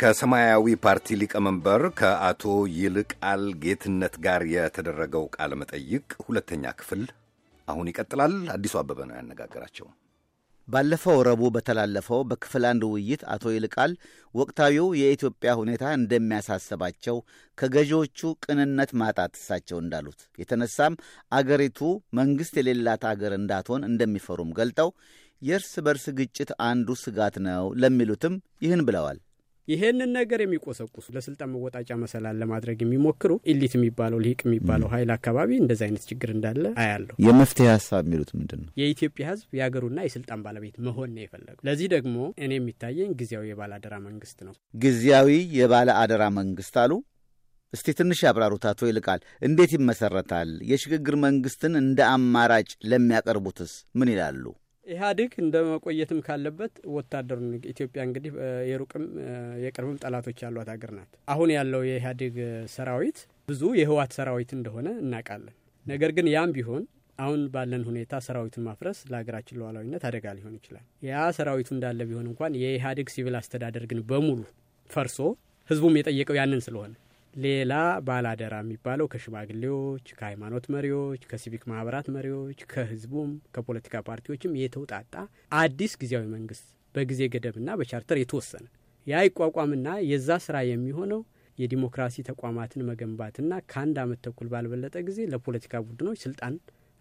ከሰማያዊ ፓርቲ ሊቀመንበር ከአቶ ይልቃል ጌትነት ጋር የተደረገው ቃለ መጠይቅ ሁለተኛ ክፍል አሁን ይቀጥላል። አዲሱ አበበ ነው ያነጋገራቸው። ባለፈው ረቡዕ በተላለፈው በክፍል አንድ ውይይት አቶ ይልቃል ወቅታዊው የኢትዮጵያ ሁኔታ እንደሚያሳስባቸው ከገዢዎቹ ቅንነት ማጣት እሳቸው እንዳሉት የተነሳም አገሪቱ መንግሥት የሌላት አገር እንዳትሆን እንደሚፈሩም ገልጠው የእርስ በርስ ግጭት አንዱ ስጋት ነው ለሚሉትም ይህን ብለዋል። ይሄንን ነገር የሚቆሰቁሱ ለስልጣን መወጣጫ መሰላል ለማድረግ የሚሞክሩ ኢሊት የሚባለው ልሂቅ የሚባለው ኃይል አካባቢ እንደዚህ አይነት ችግር እንዳለ አያለሁ። የመፍትሄ ሀሳብ የሚሉት ምንድን ነው? የኢትዮጵያ ህዝብ የሀገሩና የስልጣን ባለቤት መሆን ነው የፈለጉ። ለዚህ ደግሞ እኔ የሚታየኝ ጊዜያዊ የባለአደራ መንግስት ነው። ጊዜያዊ የባለ አደራ መንግስት አሉ። እስቲ ትንሽ ያብራሩት አቶ ይልቃል፣ እንዴት ይመሰረታል? የሽግግር መንግስትን እንደ አማራጭ ለሚያቀርቡትስ ምን ይላሉ? ኢህአዴግ እንደ መቆየትም ካለበት ወታደሩ ኢትዮጵያ እንግዲህ የሩቅም የቅርብም ጠላቶች ያሏት ሀገር ናት። አሁን ያለው የኢህአዴግ ሰራዊት ብዙ የህወሓት ሰራዊት እንደሆነ እናውቃለን። ነገር ግን ያም ቢሆን አሁን ባለን ሁኔታ ሰራዊቱን ማፍረስ ለሀገራችን ሉዓላዊነት አደጋ ሊሆን ይችላል። ያ ሰራዊቱ እንዳለ ቢሆን እንኳን የኢህአዴግ ሲቪል አስተዳደር ግን በሙሉ ፈርሶ ህዝቡም የጠየቀው ያንን ስለሆነ ሌላ ባላደራ የሚባለው ከሽማግሌዎች፣ ከሃይማኖት መሪዎች፣ ከሲቪክ ማህበራት መሪዎች፣ ከህዝቡም ከፖለቲካ ፓርቲዎችም የተውጣጣ አዲስ ጊዜያዊ መንግስት በጊዜ ገደብና በቻርተር የተወሰነ ያ ይቋቋምና የዛ ስራ የሚሆነው የዲሞክራሲ ተቋማትን መገንባትና ከአንድ አመት ተኩል ባልበለጠ ጊዜ ለፖለቲካ ቡድኖች ስልጣን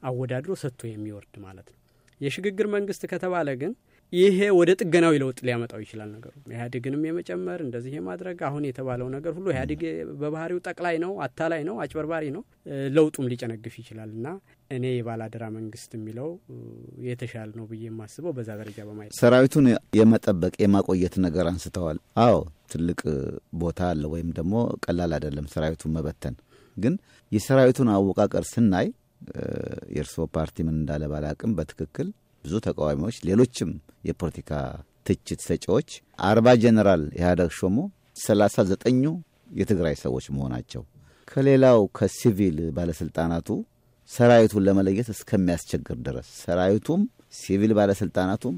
አወዳድሮ ሰጥቶ የሚወርድ ማለት ነው። የሽግግር መንግስት ከተባለ ግን ይሄ ወደ ጥገናዊ ለውጥ ሊያመጣው ይችላል ነገሩ። ኢህአዴግንም የመጨመር እንደዚህ የማድረግ አሁን የተባለው ነገር ሁሉ ኢህአዴግ በባህሪው ጠቅላይ ነው፣ አታላይ ነው፣ አጭበርባሪ ነው። ለውጡም ሊጨነግፍ ይችላል እና እኔ የባላደራ መንግስት የሚለው የተሻለ ነው ብዬ የማስበው በዛ ደረጃ በማየት ሰራዊቱን የመጠበቅ የማቆየት ነገር አንስተዋል። አዎ ትልቅ ቦታ አለ ወይም ደግሞ ቀላል አይደለም ሰራዊቱን መበተን። ግን የሰራዊቱን አወቃቀር ስናይ የእርስዎ ፓርቲ ምን እንዳለ ባላቅም በትክክል ብዙ ተቃዋሚዎች፣ ሌሎችም የፖለቲካ ትችት ሰጪዎች አርባ ጀኔራል ኢህአደግ ሾሞ ሰላሳ ዘጠኙ የትግራይ ሰዎች መሆናቸው ከሌላው ከሲቪል ባለስልጣናቱ ሰራዊቱን ለመለየት እስከሚያስቸግር ድረስ ሰራዊቱም ሲቪል ባለስልጣናቱም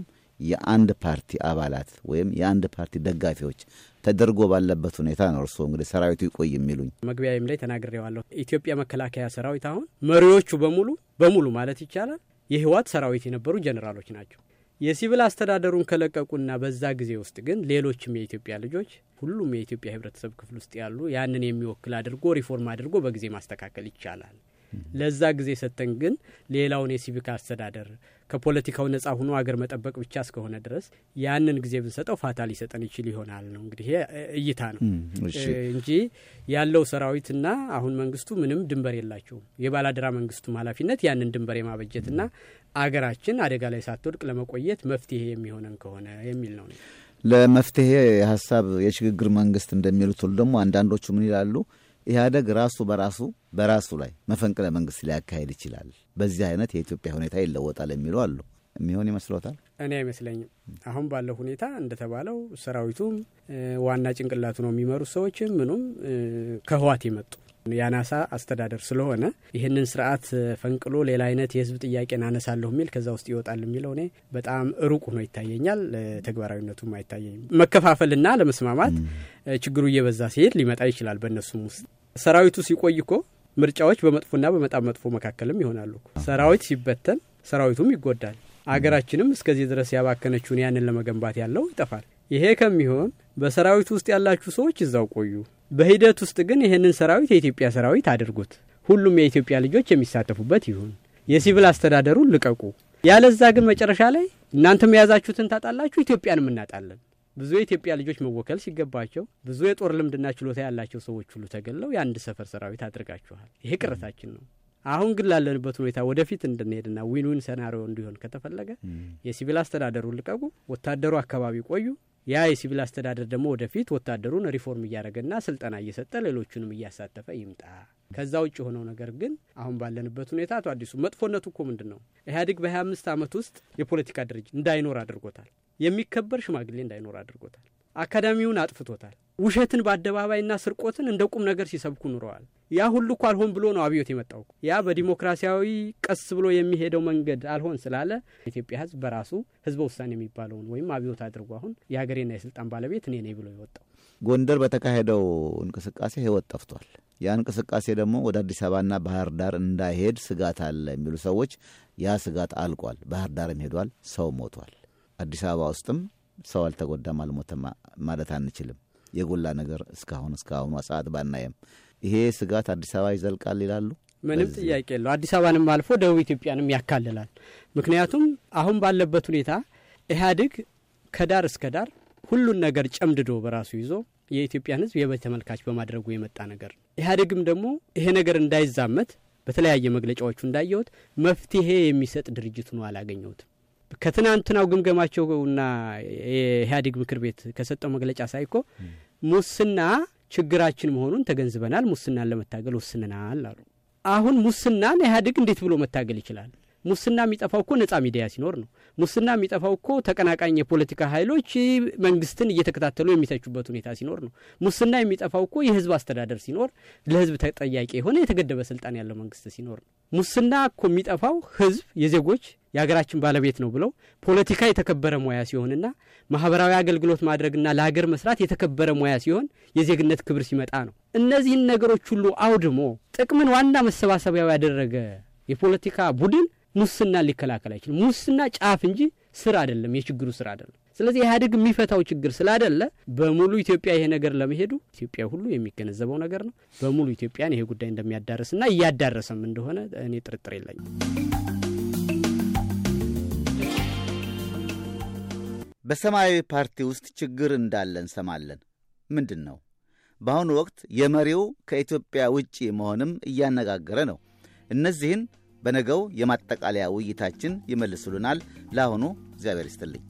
የአንድ ፓርቲ አባላት ወይም የአንድ ፓርቲ ደጋፊዎች ተደርጎ ባለበት ሁኔታ ነው። እርስዎ እንግዲህ ሰራዊቱ ይቆይ የሚሉኝ መግቢያዬም ላይ ተናግሬዋለሁ። ኢትዮጵያ መከላከያ ሰራዊት አሁን መሪዎቹ በሙሉ በሙሉ ማለት ይቻላል የህወሓት ሰራዊት የነበሩ ጀኔራሎች ናቸው። የሲቪል አስተዳደሩን ከለቀቁና በዛ ጊዜ ውስጥ ግን ሌሎችም የኢትዮጵያ ልጆች ሁሉም የኢትዮጵያ ህብረተሰብ ክፍል ውስጥ ያሉ ያንን የሚወክል አድርጎ ሪፎርም አድርጎ በጊዜ ማስተካከል ይቻላል። ለዛ ጊዜ ሰጠን። ግን ሌላውን የሲቪክ አስተዳደር ከፖለቲካው ነጻ ሆኖ አገር መጠበቅ ብቻ እስከሆነ ድረስ ያንን ጊዜ ብንሰጠው ፋታ ሊሰጠን ይችል ይሆናል ነው እንግዲህ እይታ ነው እንጂ ያለው ሰራዊትና አሁን መንግስቱ ምንም ድንበር የላቸውም። የባላደራ መንግስቱም ኃላፊነት ያንን ድንበር የማበጀትና አገራችን አደጋ ላይ ሳትወድቅ ለመቆየት መፍትሄ የሚሆነን ከሆነ የሚል ነው። ለመፍትሄ ሀሳብ የሽግግር መንግስት እንደሚሉት ሁሉ ደግሞ አንዳንዶቹ ምን ይላሉ? ኢህአደግ ራሱ በራሱ በራሱ ላይ መፈንቅለ መንግስት ሊያካሄድ ይችላል፣ በዚህ አይነት የኢትዮጵያ ሁኔታ ይለወጣል የሚሉ አሉ። የሚሆን ይመስሎታል? እኔ አይመስለኝም። አሁን ባለው ሁኔታ እንደተባለው ሰራዊቱም ዋና ጭንቅላቱ ነው የሚመሩት ሰዎችም ምኑም ከህዋት የመጡ የአናሳ አስተዳደር ስለሆነ ይህንን ስርዓት ፈንቅሎ ሌላ አይነት የህዝብ ጥያቄን አነሳለሁ የሚል ከዛ ውስጥ ይወጣል የሚለው እኔ በጣም ሩቅ ሆኖ ይታየኛል። ተግባራዊነቱም አይታየኝም። መከፋፈልና ለመስማማት ችግሩ እየበዛ ሲሄድ ሊመጣ ይችላል። በእነሱም ውስጥ ሰራዊቱ ሲቆይ እኮ ምርጫዎች በመጥፎና በመጣም መጥፎ መካከልም ይሆናሉ። ሰራዊት ሲበተን ሰራዊቱም ይጎዳል። አገራችንም እስከዚህ ድረስ ያባከነችውን ያንን ለመገንባት ያለው ይጠፋል። ይሄ ከሚሆን በሰራዊቱ ውስጥ ያላችሁ ሰዎች እዛው ቆዩ፣ በሂደት ውስጥ ግን ይህንን ሰራዊት የኢትዮጵያ ሰራዊት አድርጉት። ሁሉም የኢትዮጵያ ልጆች የሚሳተፉበት ይሁን። የሲቪል አስተዳደሩን ልቀቁ። ያለዛ ግን መጨረሻ ላይ እናንተም የያዛችሁትን ታጣላችሁ፣ ኢትዮጵያንም እናጣለን። ብዙ የኢትዮጵያ ልጆች መወከል ሲገባቸው ብዙ የጦር ልምድና ችሎታ ያላቸው ሰዎች ሁሉ ተገለው የአንድ ሰፈር ሰራዊት አድርጋችኋል። ይሄ ቅሬታችን ነው። አሁን ግን ላለንበት ሁኔታ ወደፊት እንድንሄድና ዊን ዊን ሰናሪዮ እንዲሆን ከተፈለገ የሲቪል አስተዳደሩን ልቀቁ፣ ወታደሩ አካባቢ ቆዩ። ያ የሲቪል አስተዳደር ደግሞ ወደፊት ወታደሩን ሪፎርም እያደረገና ስልጠና እየሰጠ ሌሎቹንም እያሳተፈ ይምጣ። ከዛ ውጭ የሆነው ነገር ግን አሁን ባለንበት ሁኔታ አቶ አዲሱ መጥፎነቱ እኮ ምንድን ነው? ኢህአዴግ በ25 ዓመት ውስጥ የፖለቲካ ድርጅት እንዳይኖር አድርጎታል። የሚከበር ሽማግሌ እንዳይኖር አድርጎታል። አካዳሚውን አጥፍቶታል። ውሸትን በአደባባይና ስርቆትን እንደ ቁም ነገር ሲሰብኩ ኑረዋል። ያ ሁሉ እኮ አልሆን ብሎ ነው አብዮት የመጣው። ያ በዲሞክራሲያዊ ቀስ ብሎ የሚሄደው መንገድ አልሆን ስላለ ኢትዮጵያ ሕዝብ በራሱ ሕዝበ ውሳኔ የሚባለውን ወይም አብዮት አድርጎ አሁን የሀገሬና የስልጣን ባለቤት እኔ ነኝ ብሎ የወጣው ጎንደር በተካሄደው እንቅስቃሴ ሕይወት ጠፍቷል። ያ እንቅስቃሴ ደግሞ ወደ አዲስ አበባና ባህር ዳር እንዳይሄድ ስጋት አለ የሚሉ ሰዎች ያ ስጋት አልቋል። ባህር ዳርም ሄዷል፣ ሰው ሞቷል። አዲስ አበባ ውስጥም ሰው አልተጎዳም አልሞተም ማለት አንችልም። የጎላ ነገር እስካሁን እስካሁኑ ሰዓት ባናየም ይሄ ስጋት አዲስ አበባ ይዘልቃል ይላሉ። ምንም ጥያቄ የለው። አዲስ አበባንም አልፎ ደቡብ ኢትዮጵያንም ያካልላል። ምክንያቱም አሁን ባለበት ሁኔታ ኢህአዴግ ከዳር እስከ ዳር ሁሉን ነገር ጨምድዶ በራሱ ይዞ የኢትዮጵያን ሕዝብ የበይ ተመልካች በማድረጉ የመጣ ነገር ኢህአዴግም ደግሞ ይሄ ነገር እንዳይዛመት በተለያየ መግለጫዎቹ እንዳየሁት መፍትሄ የሚሰጥ ድርጅት ሆኖ አላገኘሁትም። ከትናንትናው ግምገማቸውና የኢህአዴግ ምክር ቤት ከሰጠው መግለጫ ሳይኮ ሙስና ችግራችን መሆኑን ተገንዝበናል፣ ሙስናን ለመታገል ወስንናል አሉ። አሁን ሙስናን ኢህአዴግ እንዴት ብሎ መታገል ይችላል? ሙስና የሚጠፋው እኮ ነጻ ሚዲያ ሲኖር ነው። ሙስና የሚጠፋው እኮ ተቀናቃኝ የፖለቲካ ኃይሎች መንግስትን እየተከታተሉ የሚተቹበት ሁኔታ ሲኖር ነው። ሙስና የሚጠፋው እኮ የህዝብ አስተዳደር ሲኖር፣ ለህዝብ ተጠያቂ የሆነ የተገደበ ስልጣን ያለው መንግስት ሲኖር ነው። ሙስና እኮ የሚጠፋው ህዝብ የዜጎች የሀገራችን ባለቤት ነው ብለው ፖለቲካ የተከበረ ሙያ ሲሆንና ማህበራዊ አገልግሎት ማድረግና ለሀገር መስራት የተከበረ ሙያ ሲሆን የዜግነት ክብር ሲመጣ ነው። እነዚህን ነገሮች ሁሉ አውድሞ ጥቅምን ዋና መሰባሰቢያው ያደረገ የፖለቲካ ቡድን ሙስና ሊከላከል አይችልም። ሙስና ጫፍ እንጂ ስር አይደለም፣ የችግሩ ስር አይደለም። ስለዚህ ኢህአዴግ የሚፈታው ችግር ስላደለ በሙሉ ኢትዮጵያ ይሄ ነገር ለመሄዱ ኢትዮጵያ ሁሉ የሚገነዘበው ነገር ነው። በሙሉ ኢትዮጵያን ይሄ ጉዳይ እንደሚያዳረስና እያዳረሰም እንደሆነ እኔ ጥርጥር የለኝም። በሰማያዊ ፓርቲ ውስጥ ችግር እንዳለ እንሰማለን። ምንድን ነው? በአሁኑ ወቅት የመሪው ከኢትዮጵያ ውጪ መሆንም እያነጋገረ ነው። እነዚህን በነገው የማጠቃለያ ውይይታችን ይመልስሉናል። ለአሁኑ እግዚአብሔር ይስጥልኝ።